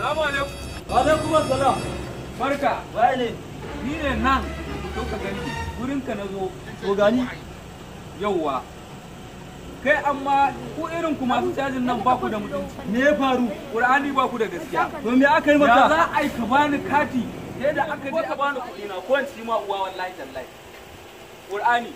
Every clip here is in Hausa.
Salamu alaikum. Wa alaikum assalam. Barka. Waye ne? Ni ne nan. To ka gani gurin ka nazo. To gani. Yawwa. Kai amma ku irin kuma su cajin nan ba ku da mutunci. Me ya faru? Qur'ani ba ku da gaskiya. To me aka yi maka? Ya za a yi ka bani kati. Sai da aka je ka bani kuɗi na ko ci ma uwa wallahi tallahi. Qur'ani.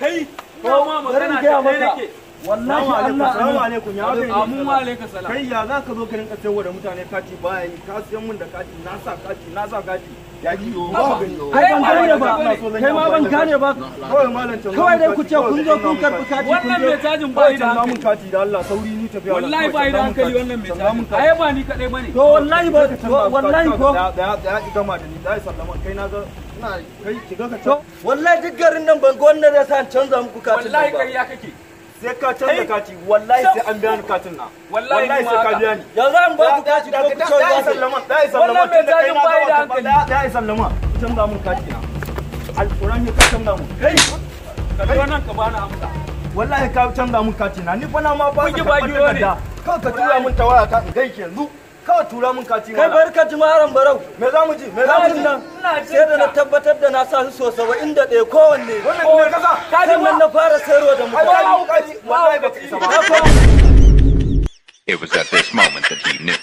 Kai ko ma magana ta kai nake. wallahi Allah salamu alaikum ya alaikum salam kai ya zaka zo ka rinka sayarwa da mutane kati baya yi ka sayan mun da kati na sa kati na sa kati ya ji yo ba kai ba kai ma ban gane ba kawai malam can kawai dai ku ce kun zo kun karbi kati wannan mai tajin bai da kati da Allah sauri ni tafiya wallahi bai da hankali wannan mai tajin ai ba ni kadai bane to wallahi ba wallahi ko da ya gama da ni dai sallama kai na ga ina kai ki ga ka wallahi duk garin nan ban ga wannan da san canza muku kati wallahi kai ya kake sai ka canza kati wallahi sai an biya ni katin na wallahi sai ka biya ni yanzu an ba ku kati ko ku canza da sallama da sallama tun da kai na ba da hankali da sallama canza mun kati na alquran ne ka canza mun kai ka wannan ka bani amsa wallahi ka canza mun kati na ni fa na ma ba ka tabbatar da kawai ka tura mun tawaya ta in gaike yanzu kawai tura mun kati kai bar ka jimaran barau me za mu ji me za mu ji nan sai da na tabbatar da na sa su so 71 kowanne kowanne kasa kan nan na fara sayarwa da mutane It was at this moment that he knew.